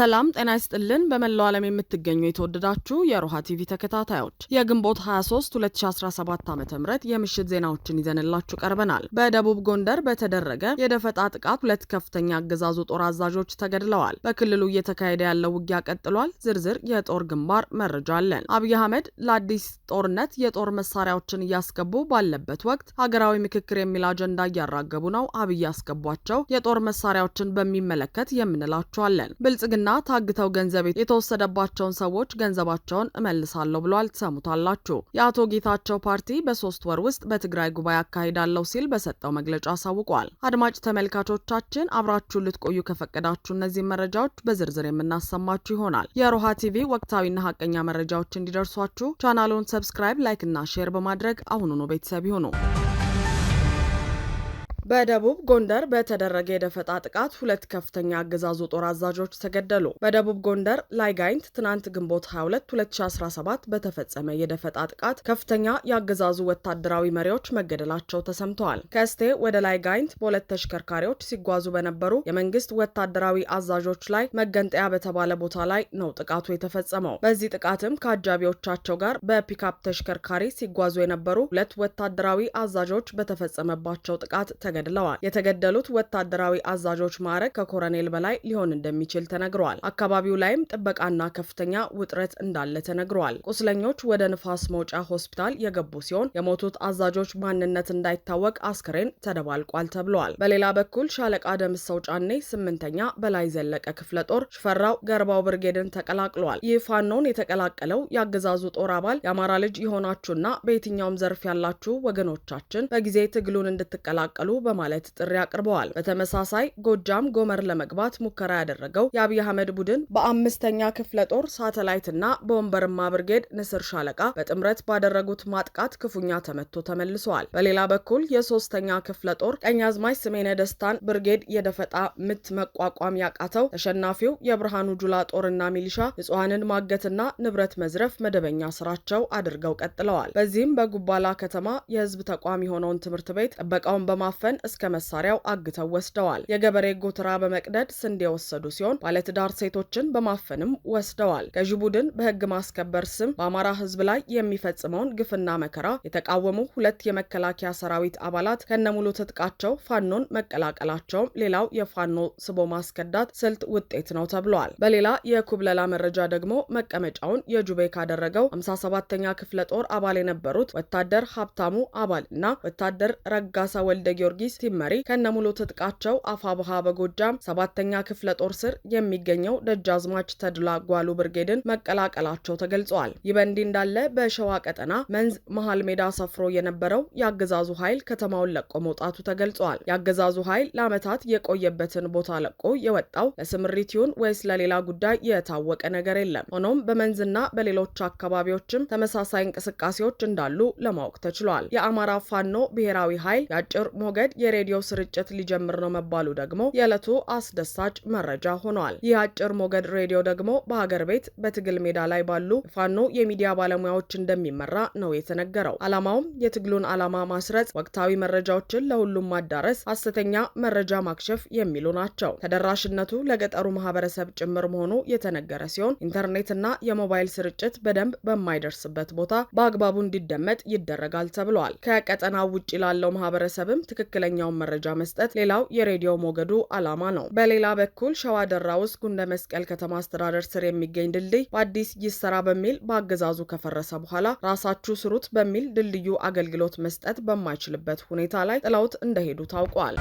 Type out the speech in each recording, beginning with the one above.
ሰላም ጤና ይስጥልን። በመላው ዓለም የምትገኙ የተወደዳችሁ የሮሃ ቲቪ ተከታታዮች የግንቦት 23 2017 ዓ ም የምሽት ዜናዎችን ይዘንላችሁ ቀርበናል። በደቡብ ጎንደር በተደረገ የደፈጣ ጥቃት ሁለት ከፍተኛ አገዛዙ ጦር አዛዦች ተገድለዋል። በክልሉ እየተካሄደ ያለው ውጊያ ቀጥሏል። ዝርዝር የጦር ግንባር መረጃ አለን። አብይ አህመድ ለአዲስ ጦርነት የጦር መሳሪያዎችን እያስገቡ ባለበት ወቅት ሀገራዊ ምክክር የሚል አጀንዳ እያራገቡ ነው። አብይ ያስገቧቸው የጦር መሳሪያዎችን በሚመለከት የምንላችኋለን ብልጽግና እና ታግተው ገንዘብ የተወሰደባቸውን ሰዎች ገንዘባቸውን እመልሳለሁ ብሏል። ትሰሙታላችሁ። የአቶ ጌታቸው ፓርቲ በሶስት ወር ውስጥ በትግራይ ጉባኤ አካሂዳለሁ ሲል በሰጠው መግለጫ አሳውቋል። አድማጭ ተመልካቾቻችን አብራችሁን ልትቆዩ ከፈቀዳችሁ እነዚህ መረጃዎች በዝርዝር የምናሰማችሁ ይሆናል። የሮሃ ቲቪ ወቅታዊና ሀቀኛ መረጃዎች እንዲደርሷችሁ ቻናሉን ሰብስክራይብ፣ ላይክ እና ሼር በማድረግ አሁኑኑ ቤተሰብ ይሁኑ። በደቡብ ጎንደር በተደረገ የደፈጣ ጥቃት ሁለት ከፍተኛ አገዛዙ ጦር አዛዦች ተገደሉ። በደቡብ ጎንደር ላይጋይንት ትናንት ግንቦት 22 2017 በተፈጸመ የደፈጣ ጥቃት ከፍተኛ የአገዛዙ ወታደራዊ መሪዎች መገደላቸው ተሰምተዋል። ከስቴ ወደ ላይጋይንት በሁለት ተሽከርካሪዎች ሲጓዙ በነበሩ የመንግስት ወታደራዊ አዛዦች ላይ መገንጠያ በተባለ ቦታ ላይ ነው ጥቃቱ የተፈጸመው። በዚህ ጥቃትም ከአጃቢዎቻቸው ጋር በፒካፕ ተሽከርካሪ ሲጓዙ የነበሩ ሁለት ወታደራዊ አዛዦች በተፈጸመባቸው ጥቃት ተገ ተገድለዋል። የተገደሉት ወታደራዊ አዛዦች ማዕረግ ከኮረኔል በላይ ሊሆን እንደሚችል ተነግረዋል። አካባቢው ላይም ጥበቃና ከፍተኛ ውጥረት እንዳለ ተነግረዋል። ቁስለኞች ወደ ንፋስ መውጫ ሆስፒታል የገቡ ሲሆን የሞቱት አዛዦች ማንነት እንዳይታወቅ አስክሬን ተደባልቋል ተብለዋል። በሌላ በኩል ሻለቃ ደምሰው ጫኔ ስምንተኛ በላይ ዘለቀ ክፍለ ጦር ሽፈራው ገርባው ብርጌድን ተቀላቅሏል። ይህ ፋኖን የተቀላቀለው የአገዛዙ ጦር አባል የአማራ ልጅ የሆናችሁና በየትኛውም ዘርፍ ያላችሁ ወገኖቻችን በጊዜ ትግሉን እንድትቀላቀሉ በ በማለት ጥሪ አቅርበዋል። በተመሳሳይ ጎጃም ጎመር ለመግባት ሙከራ ያደረገው የአብይ አህመድ ቡድን በአምስተኛ ክፍለ ጦር ሳተላይትና በወንበርማ ብርጌድ ንስር ሻለቃ በጥምረት ባደረጉት ማጥቃት ክፉኛ ተመቶ ተመልሰዋል። በሌላ በኩል የሶስተኛ ክፍለ ጦር ቀኛዝማች ስሜነ ደስታን ብርጌድ የደፈጣ ምት መቋቋም ያቃተው ተሸናፊው የብርሃኑ ጁላ ጦርና ሚሊሻ ንጹሐንን ማገትና ንብረት መዝረፍ መደበኛ ስራቸው አድርገው ቀጥለዋል። በዚህም በጉባላ ከተማ የህዝብ ተቋም የሆነውን ትምህርት ቤት ጥበቃውን በማፈን እስከ መሳሪያው አግተው ወስደዋል። የገበሬ ጎተራ በመቅደድ ስንዴ የወሰዱ ሲሆን ባለትዳር ሴቶችን በማፈንም ወስደዋል። ገዢ ቡድን በህግ ማስከበር ስም በአማራ ህዝብ ላይ የሚፈጽመውን ግፍና መከራ የተቃወሙ ሁለት የመከላከያ ሰራዊት አባላት ከነሙሉ ትጥቃቸው ፋኖን መቀላቀላቸውም ሌላው የፋኖ ስቦ ማስከዳት ስልት ውጤት ነው ተብሏል። በሌላ የኩብለላ መረጃ ደግሞ መቀመጫውን የጁቤ ካደረገው 57ኛ ክፍለ ጦር አባል የነበሩት ወታደር ሀብታሙ አባል እና ወታደር ረጋሳ ወልደ ጊዮርጊስ ጊዮርጊስ ቲመሪ ከነሙሉ ትጥቃቸው አፋብሃ በጎጃም ሰባተኛ ክፍለ ጦር ስር የሚገኘው ደጃዝማች ተድላ ጓሉ ብርጌድን መቀላቀላቸው ተገልጿል። ይህ በእንዲህ እንዳለ በሸዋ ቀጠና መንዝ መሀል ሜዳ ሰፍሮ የነበረው የአገዛዙ ኃይል ከተማውን ለቆ መውጣቱ ተገልጿል። የአገዛዙ ኃይል ለዓመታት የቆየበትን ቦታ ለቆ የወጣው ለስምሪት ይሁን ወይስ ለሌላ ጉዳይ የታወቀ ነገር የለም። ሆኖም በመንዝና በሌሎች አካባቢዎችም ተመሳሳይ እንቅስቃሴዎች እንዳሉ ለማወቅ ተችሏል። የአማራ ፋኖ ብሔራዊ ኃይል የአጭር ሞገድ መንገድ የሬዲዮ ስርጭት ሊጀምር ነው መባሉ ደግሞ የዕለቱ አስደሳች መረጃ ሆኗል። ይህ አጭር ሞገድ ሬዲዮ ደግሞ በሀገር ቤት በትግል ሜዳ ላይ ባሉ ፋኖ የሚዲያ ባለሙያዎች እንደሚመራ ነው የተነገረው። ዓላማውም የትግሉን ዓላማ ማስረጽ፣ ወቅታዊ መረጃዎችን ለሁሉም ማዳረስ፣ ሐሰተኛ መረጃ ማክሸፍ የሚሉ ናቸው። ተደራሽነቱ ለገጠሩ ማህበረሰብ ጭምር መሆኑ የተነገረ ሲሆን ኢንተርኔትና የሞባይል ስርጭት በደንብ በማይደርስበት ቦታ በአግባቡ እንዲደመጥ ይደረጋል ተብሏል። ከቀጠናው ውጭ ላለው ማህበረሰብም ትክክል ትክክለኛውን መረጃ መስጠት ሌላው የሬዲዮ ሞገዱ ዓላማ ነው። በሌላ በኩል ሸዋ ደራ ውስጥ ጉንደ መስቀል ከተማ አስተዳደር ስር የሚገኝ ድልድይ በአዲስ ይሰራ በሚል በአገዛዙ ከፈረሰ በኋላ ራሳችሁ ስሩት በሚል ድልድዩ አገልግሎት መስጠት በማይችልበት ሁኔታ ላይ ጥለውት እንደሄዱ ታውቋል።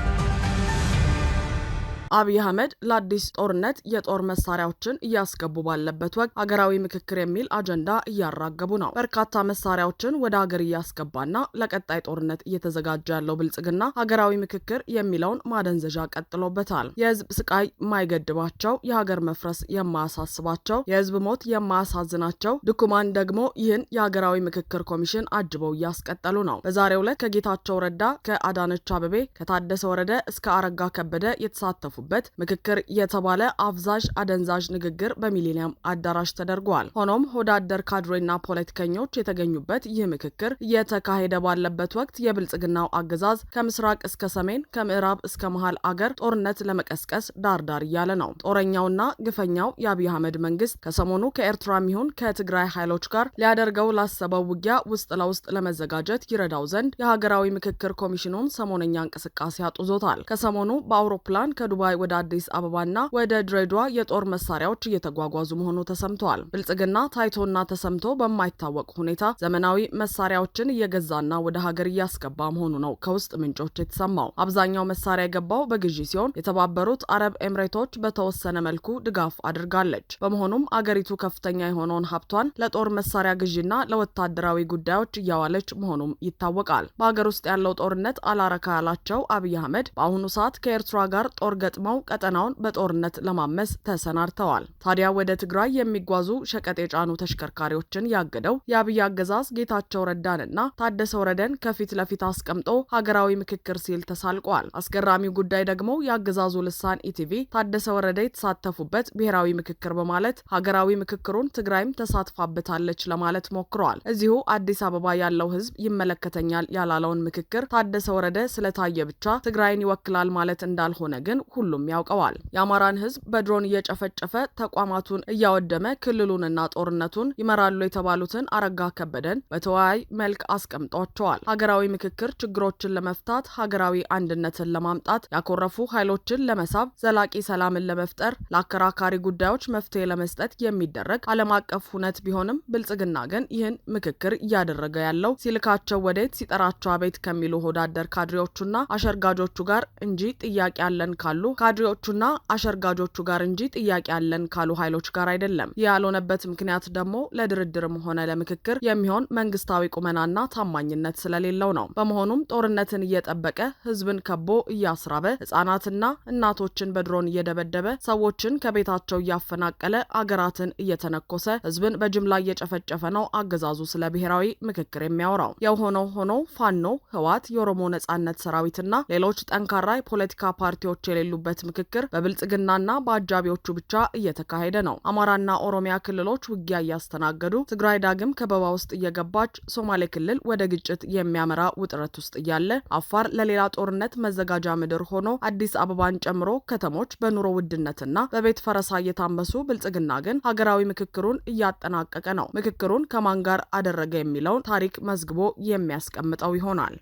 አብይ አህመድ ለአዲስ ጦርነት የጦር መሳሪያዎችን እያስገቡ ባለበት ወቅት ሀገራዊ ምክክር የሚል አጀንዳ እያራገቡ ነው። በርካታ መሳሪያዎችን ወደ ሀገር እያስገባና ለቀጣይ ጦርነት እየተዘጋጀ ያለው ብልጽግና ሀገራዊ ምክክር የሚለውን ማደንዘዣ ቀጥሎበታል። የህዝብ ስቃይ የማይገድባቸው፣ የሀገር መፍረስ የማያሳስባቸው፣ የህዝብ ሞት የማያሳዝናቸው ድኩማን ደግሞ ይህን የሀገራዊ ምክክር ኮሚሽን አጅበው እያስቀጠሉ ነው። በዛሬው ዕለት ከጌታቸው ረዳ፣ ከአዳነች አበቤ፣ ከታደሰ ወረደ እስከ አረጋ ከበደ የተሳተፉ የተላለፉበት ምክክር የተባለ አብዛዥ አደንዛዥ ንግግር በሚሊኒየም አዳራሽ ተደርጓል። ሆኖም ሆዳደር ካድሬና ፖለቲከኞች የተገኙበት ይህ ምክክር እየተካሄደ ባለበት ወቅት የብልጽግናው አገዛዝ ከምስራቅ እስከ ሰሜን ከምዕራብ እስከ መሀል አገር ጦርነት ለመቀስቀስ ዳርዳር እያለ ነው። ጦረኛውና ግፈኛው የአብይ አህመድ መንግስት ከሰሞኑ ከኤርትራም ይሁን ከትግራይ ኃይሎች ጋር ሊያደርገው ላሰበው ውጊያ ውስጥ ለውስጥ ለመዘጋጀት ይረዳው ዘንድ የሀገራዊ ምክክር ኮሚሽኑን ሰሞነኛ እንቅስቃሴ አጡዞታል። ከሰሞኑ በአውሮፕላን ከዱባይ በአባይ ወደ አዲስ አበባና ወደ ድሬዷ የጦር መሳሪያዎች እየተጓጓዙ መሆኑ ተሰምተዋል። ብልጽግና ታይቶና ተሰምቶ በማይታወቅ ሁኔታ ዘመናዊ መሳሪያዎችን እየገዛና ወደ ሀገር እያስገባ መሆኑ ነው ከውስጥ ምንጮች የተሰማው። አብዛኛው መሳሪያ የገባው በግዢ ሲሆን የተባበሩት አረብ ኤምሬቶች በተወሰነ መልኩ ድጋፍ አድርጋለች። በመሆኑም አገሪቱ ከፍተኛ የሆነውን ሀብቷን ለጦር መሳሪያ ግዢና ለወታደራዊ ጉዳዮች እያዋለች መሆኑም ይታወቃል። በሀገር ውስጥ ያለው ጦርነት አላረካ ያላቸው አብይ አህመድ በአሁኑ ሰዓት ከኤርትራ ጋር ጦር ገጥ አጋጥመው ቀጠናውን በጦርነት ለማመስ ተሰናድተዋል። ታዲያ ወደ ትግራይ የሚጓዙ ሸቀጥ የጫኑ ተሽከርካሪዎችን ያገደው የአብይ አገዛዝ ጌታቸው ረዳንና ታደሰ ወረደን ከፊት ለፊት አስቀምጦ ሀገራዊ ምክክር ሲል ተሳልቋል። አስገራሚው ጉዳይ ደግሞ የአገዛዙ ልሳን ኢቲቪ ታደሰ ወረደ የተሳተፉበት ብሔራዊ ምክክር በማለት ሀገራዊ ምክክሩን ትግራይም ተሳትፋበታለች ለማለት ሞክረዋል። እዚሁ አዲስ አበባ ያለው ህዝብ ይመለከተኛል ያላለውን ምክክር ታደሰ ወረደ ስለታየ ብቻ ትግራይን ይወክላል ማለት እንዳልሆነ ግን ሁሉ ሁሉም ያውቀዋል። የአማራን ህዝብ በድሮን እየጨፈጨፈ ተቋማቱን እያወደመ ክልሉንና ጦርነቱን ይመራሉ የተባሉትን አረጋ ከበደን በተወያይ መልክ አስቀምጧቸዋል። ሀገራዊ ምክክር ችግሮችን ለመፍታት ሀገራዊ አንድነትን ለማምጣት ያኮረፉ ኃይሎችን ለመሳብ ዘላቂ ሰላምን ለመፍጠር ለአከራካሪ ጉዳዮች መፍትሄ ለመስጠት የሚደረግ ዓለም አቀፍ ሁነት ቢሆንም ብልጽግና ግን ይህን ምክክር እያደረገ ያለው ሲልካቸው ወዴት ሲጠራቸው አቤት ከሚሉ ሆዳደር ካድሬዎቹና አሸርጋጆቹ ጋር እንጂ ጥያቄ አለን ካሉ ከካድሬዎቹና አሸርጋጆቹ ጋር እንጂ ጥያቄ ያለን ካሉ ኃይሎች ጋር አይደለም። ይህ ያልሆነበት ምክንያት ደግሞ ለድርድርም ሆነ ለምክክር የሚሆን መንግስታዊ ቁመናና ታማኝነት ስለሌለው ነው። በመሆኑም ጦርነትን እየጠበቀ ህዝብን ከቦ እያስራበ ህጻናትና እናቶችን በድሮን እየደበደበ ሰዎችን ከቤታቸው እያፈናቀለ አገራትን እየተነኮሰ ህዝብን በጅምላ እየጨፈጨፈ ነው አገዛዙ ስለ ብሔራዊ ምክክር የሚያወራው። የሆነው ሆኖ ፋኖ፣ ህዋት፣ የኦሮሞ ነጻነት ሰራዊትና ሌሎች ጠንካራ የፖለቲካ ፓርቲዎች የሌሉበት ያሉበት ምክክር በብልጽግናና በአጃቢዎቹ ብቻ እየተካሄደ ነው። አማራና ኦሮሚያ ክልሎች ውጊያ እያስተናገዱ፣ ትግራይ ዳግም ከበባ ውስጥ እየገባች፣ ሶማሌ ክልል ወደ ግጭት የሚያመራ ውጥረት ውስጥ እያለ፣ አፋር ለሌላ ጦርነት መዘጋጃ ምድር ሆኖ አዲስ አበባን ጨምሮ ከተሞች በኑሮ ውድነትና በቤት ፈረሳ እየታመሱ፣ ብልጽግና ግን ሀገራዊ ምክክሩን እያጠናቀቀ ነው። ምክክሩን ከማን ጋር አደረገ የሚለውን ታሪክ መዝግቦ የሚያስቀምጠው ይሆናል።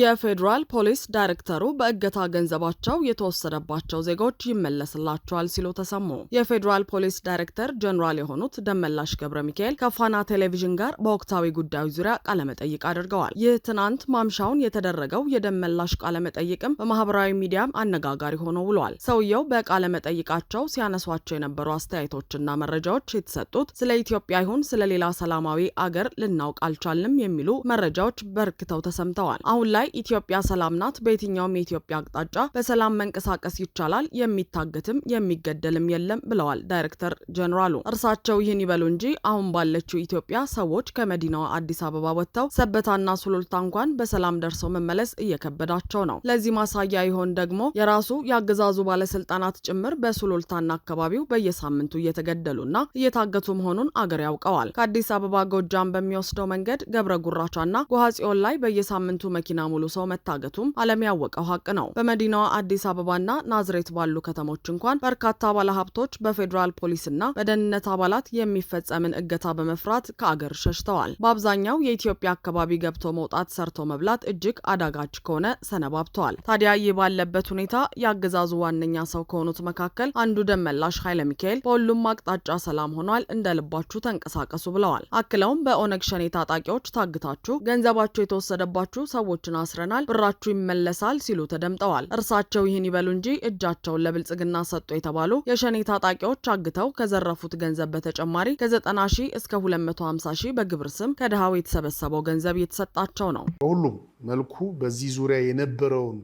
የፌዴራል ፖሊስ ዳይሬክተሩ በእገታ ገንዘባቸው የተወሰደባቸው ዜጎች ይመለስላቸዋል ሲሉ ተሰሙ። የፌዴራል ፖሊስ ዳይሬክተር ጀኔራል የሆኑት ደመላሽ ገብረ ሚካኤል ከፋና ቴሌቪዥን ጋር በወቅታዊ ጉዳዮች ዙሪያ ቃለመጠይቅ አድርገዋል። ይህ ትናንት ማምሻውን የተደረገው የደመላሽ ቃለመጠይቅም በማህበራዊ ሚዲያም አነጋጋሪ ሆኖ ውሏል። ሰውየው በቃለመጠይቃቸው ሲያነሷቸው የነበሩ አስተያየቶችና መረጃዎች የተሰጡት ስለ ኢትዮጵያ ይሁን ስለ ሌላ ሰላማዊ አገር ልናውቅ አልቻልንም የሚሉ መረጃዎች በርክተው ተሰምተዋል። አሁን ላይ ላይ ኢትዮጵያ ሰላም ናት፣ በየትኛውም የኢትዮጵያ አቅጣጫ በሰላም መንቀሳቀስ ይቻላል፣ የሚታገትም የሚገደልም የለም ብለዋል ዳይሬክተር ጀኔራሉ። እርሳቸው ይህን ይበሉ እንጂ አሁን ባለችው ኢትዮጵያ ሰዎች ከመዲናዋ አዲስ አበባ ወጥተው ሰበታና ሱሉልታ እንኳን በሰላም ደርሰው መመለስ እየከበዳቸው ነው። ለዚህ ማሳያ ይሆን ደግሞ የራሱ የአገዛዙ ባለስልጣናት ጭምር በሱሉልታና አካባቢው በየሳምንቱ እየተገደሉና እየታገቱ መሆኑን አገር ያውቀዋል። ከአዲስ አበባ ጎጃም በሚወስደው መንገድ ገብረ ጉራቻና ጎሐጽዮን ላይ በየሳምንቱ መኪና ሙሉ ሰው መታገቱም ዓለም ያወቀው ሀቅ ነው። በመዲናዋ አዲስ አበባና ናዝሬት ባሉ ከተሞች እንኳን በርካታ ባለሀብቶች በፌዴራል ፖሊስና በደህንነት አባላት የሚፈጸምን እገታ በመፍራት ከአገር ሸሽተዋል። በአብዛኛው የኢትዮጵያ አካባቢ ገብቶ መውጣት፣ ሰርቶ መብላት እጅግ አዳጋች ከሆነ ሰነባብተዋል። ታዲያ ይህ ባለበት ሁኔታ የአገዛዙ ዋነኛ ሰው ከሆኑት መካከል አንዱ ደመላሽ ኃይለ ሚካኤል በሁሉም አቅጣጫ ሰላም ሆኗል፣ እንደ ልባችሁ ተንቀሳቀሱ ብለዋል። አክለውም በኦነግ ሸኔ ታጣቂዎች ታግታችሁ ገንዘባቸው የተወሰደባችሁ ሰዎችን አስረናል፣ ብራችሁ ይመለሳል ሲሉ ተደምጠዋል። እርሳቸው ይህን ይበሉ እንጂ እጃቸውን ለብልጽግና ሰጡ የተባሉ የሸኔ ታጣቂዎች አግተው ከዘረፉት ገንዘብ በተጨማሪ ከ90 ሺህ እስከ 250 ሺህ በግብር ስም ከድሃው የተሰበሰበው ገንዘብ እየተሰጣቸው ነው። በሁሉም መልኩ በዚህ ዙሪያ የነበረውን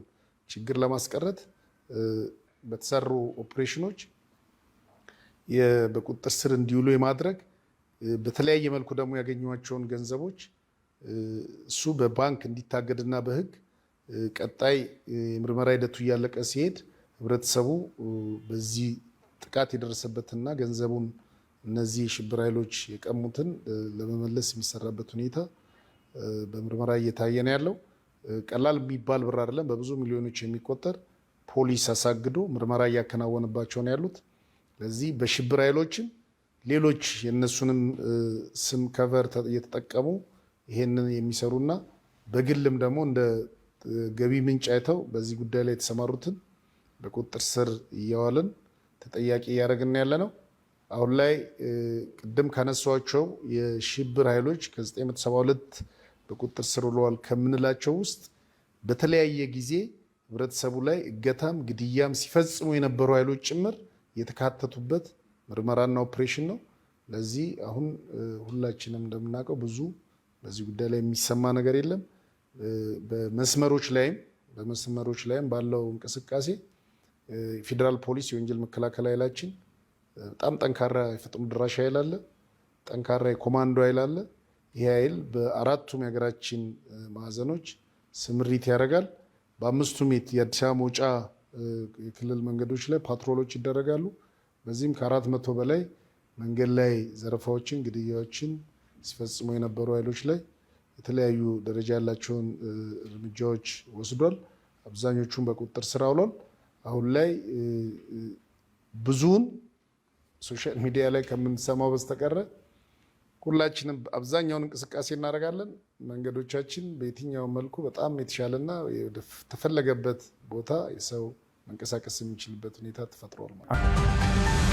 ችግር ለማስቀረት በተሰሩ ኦፕሬሽኖች በቁጥጥር ስር እንዲውሉ የማድረግ በተለያየ መልኩ ደግሞ ያገኟቸውን ገንዘቦች እሱ በባንክ እንዲታገድና በህግ ቀጣይ የምርመራ ሂደቱ እያለቀ ሲሄድ ህብረተሰቡ በዚህ ጥቃት የደረሰበትና ገንዘቡን እነዚህ የሽብር ኃይሎች የቀሙትን ለመመለስ የሚሰራበት ሁኔታ በምርመራ እየታየ ነው ያለው። ቀላል የሚባል ብር አይደለም። በብዙ ሚሊዮኖች የሚቆጠር ፖሊስ አሳግዶ ምርመራ እያከናወነባቸው ነው ያሉት። ለዚህ በሽብር ኃይሎችም ሌሎች የእነሱንም ስም ከቨር እየተጠቀሙ ይሄንን የሚሰሩና በግልም ደግሞ እንደ ገቢ ምንጭ አይተው በዚህ ጉዳይ ላይ የተሰማሩትን በቁጥጥር ስር እያዋልን ተጠያቂ እያደረግን ያለ ነው። አሁን ላይ ቅድም ካነሷቸው የሽብር ኃይሎች ከ972 በቁጥጥር ስር ውለዋል ከምንላቸው ውስጥ በተለያየ ጊዜ ህብረተሰቡ ላይ እገታም ግድያም ሲፈጽሙ የነበሩ ኃይሎች ጭምር የተካተቱበት ምርመራና ኦፕሬሽን ነው። ለዚህ አሁን ሁላችንም እንደምናውቀው ብዙ በዚህ ጉዳይ ላይ የሚሰማ ነገር የለም። በመስመሮች ላይም በመስመሮች ላይም ባለው እንቅስቃሴ ፌዴራል ፖሊስ የወንጀል መከላከል ኃይላችን በጣም ጠንካራ የፈጥኖ ድራሽ ኃይል አለ፣ ጠንካራ የኮማንዶ ኃይል አለ። ይህ ኃይል በአራቱም የሀገራችን ማዕዘኖች ስምሪት ያደርጋል። በአምስቱም የአዲስ አበባ መውጫ የክልል መንገዶች ላይ ፓትሮሎች ይደረጋሉ። በዚህም ከአራት መቶ በላይ መንገድ ላይ ዘረፋዎችን፣ ግድያዎችን ሲፈጽሙ የነበሩ ኃይሎች ላይ የተለያዩ ደረጃ ያላቸውን እርምጃዎች ወስዷል። አብዛኞቹን በቁጥጥር ስር አውሏል። አሁን ላይ ብዙውን ሶሻል ሚዲያ ላይ ከምንሰማው በስተቀረ ሁላችንም አብዛኛውን እንቅስቃሴ እናደርጋለን። መንገዶቻችን በየትኛው መልኩ በጣም የተሻለና ተፈለገበት ቦታ የሰው መንቀሳቀስ የሚችልበት ሁኔታ ተፈጥሯል ማለት ነው።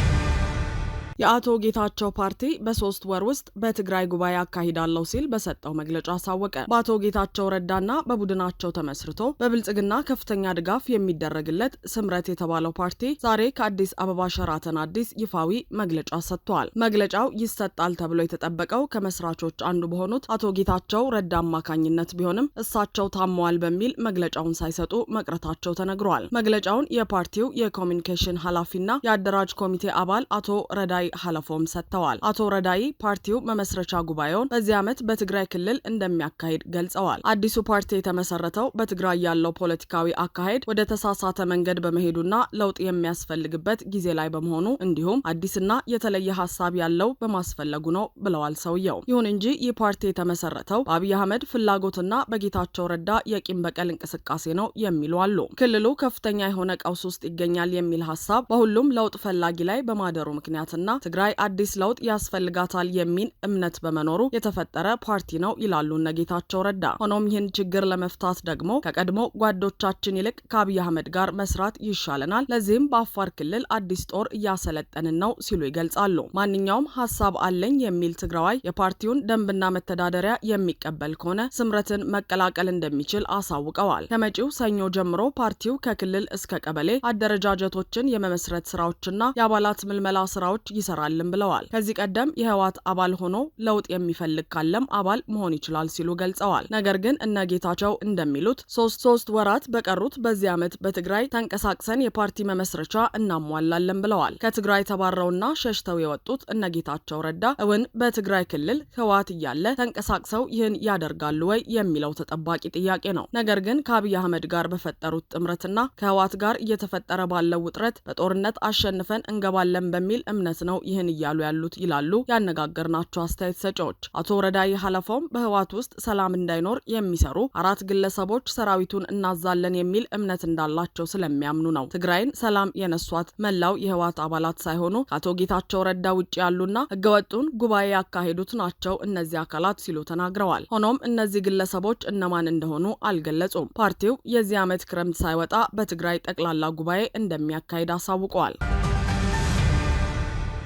የአቶ ጌታቸው ፓርቲ በሶስት ወር ውስጥ በትግራይ ጉባኤ አካሂዳለሁ ሲል በሰጠው መግለጫ አሳወቀ። በአቶ ጌታቸው ረዳና በቡድናቸው ተመስርቶ በብልጽግና ከፍተኛ ድጋፍ የሚደረግለት ስምረት የተባለው ፓርቲ ዛሬ ከአዲስ አበባ ሸራተን አዲስ ይፋዊ መግለጫ ሰጥቷል። መግለጫው ይሰጣል ተብሎ የተጠበቀው ከመስራቾች አንዱ በሆኑት አቶ ጌታቸው ረዳ አማካኝነት ቢሆንም እሳቸው ታመዋል በሚል መግለጫውን ሳይሰጡ መቅረታቸው ተነግሯል። መግለጫውን የፓርቲው የኮሚኒኬሽን ኃላፊና የአደራጅ ኮሚቴ አባል አቶ ረዳ ጉዳይ ሀላፎም ሰጥተዋል። አቶ ረዳይ ፓርቲው መመስረቻ ጉባኤውን በዚህ ዓመት በትግራይ ክልል እንደሚያካሂድ ገልጸዋል። አዲሱ ፓርቲ የተመሰረተው በትግራይ ያለው ፖለቲካዊ አካሄድ ወደ ተሳሳተ መንገድ በመሄዱና ለውጥ የሚያስፈልግበት ጊዜ ላይ በመሆኑ እንዲሁም አዲስና የተለየ ሀሳብ ያለው በማስፈለጉ ነው ብለዋል ሰውየው። ይሁን እንጂ ይህ ፓርቲ የተመሰረተው በአብይ አህመድ ፍላጎትና በጌታቸው ረዳ የቂም በቀል እንቅስቃሴ ነው የሚሉ አሉ። ክልሉ ከፍተኛ የሆነ ቀውስ ውስጥ ይገኛል የሚል ሀሳብ በሁሉም ለውጥ ፈላጊ ላይ በማደሩ ምክንያትና ትግራይ አዲስ ለውጥ ያስፈልጋታል የሚል እምነት በመኖሩ የተፈጠረ ፓርቲ ነው ይላሉ እነጌታቸው ረዳ። ሆኖም ይህን ችግር ለመፍታት ደግሞ ከቀድሞ ጓዶቻችን ይልቅ ከአብይ አህመድ ጋር መስራት ይሻለናል። ለዚህም በአፋር ክልል አዲስ ጦር እያሰለጠንን ነው ሲሉ ይገልጻሉ። ማንኛውም ሀሳብ አለኝ የሚል ትግራዋይ የፓርቲውን ደንብና መተዳደሪያ የሚቀበል ከሆነ ስምረትን መቀላቀል እንደሚችል አሳውቀዋል። ከመጪው ሰኞ ጀምሮ ፓርቲው ከክልል እስከ ቀበሌ አደረጃጀቶችን የመመስረት ስራዎችና የአባላት ምልመላ ስራዎች እንሰራለን ብለዋል። ከዚህ ቀደም የህወሓት አባል ሆኖ ለውጥ የሚፈልግ ካለም አባል መሆን ይችላል ሲሉ ገልጸዋል። ነገር ግን እነ ጌታቸው እንደሚሉት ሶስት ሶስት ወራት በቀሩት በዚህ ዓመት በትግራይ ተንቀሳቅሰን የፓርቲ መመስረቻ እናሟላለን ብለዋል። ከትግራይ ተባረውና ሸሽተው የወጡት እነ ጌታቸው ረዳ እውን በትግራይ ክልል ህወሓት እያለ ተንቀሳቅሰው ይህን ያደርጋሉ ወይ የሚለው ተጠባቂ ጥያቄ ነው። ነገር ግን ከአብይ አህመድ ጋር በፈጠሩት ጥምረትና ከህወሓት ጋር እየተፈጠረ ባለው ውጥረት በጦርነት አሸንፈን እንገባለን በሚል እምነት ነው ነው ይህን እያሉ ያሉት ይላሉ ያነጋገርናቸው አስተያየት ሰጪዎች። አቶ ወረዳይ ሀለፎም በህወሓት ውስጥ ሰላም እንዳይኖር የሚሰሩ አራት ግለሰቦች ሰራዊቱን እናዛለን የሚል እምነት እንዳላቸው ስለሚያምኑ ነው። ትግራይን ሰላም የነሷት መላው የህወሓት አባላት ሳይሆኑ ከአቶ ጌታቸው ረዳ ውጭ ያሉና ህገወጡን ጉባኤ ያካሄዱት ናቸው እነዚህ አካላት ሲሉ ተናግረዋል። ሆኖም እነዚህ ግለሰቦች እነማን እንደሆኑ አልገለጹም። ፓርቲው የዚህ ዓመት ክረምት ሳይወጣ በትግራይ ጠቅላላ ጉባኤ እንደሚያካሄድ አሳውቀዋል።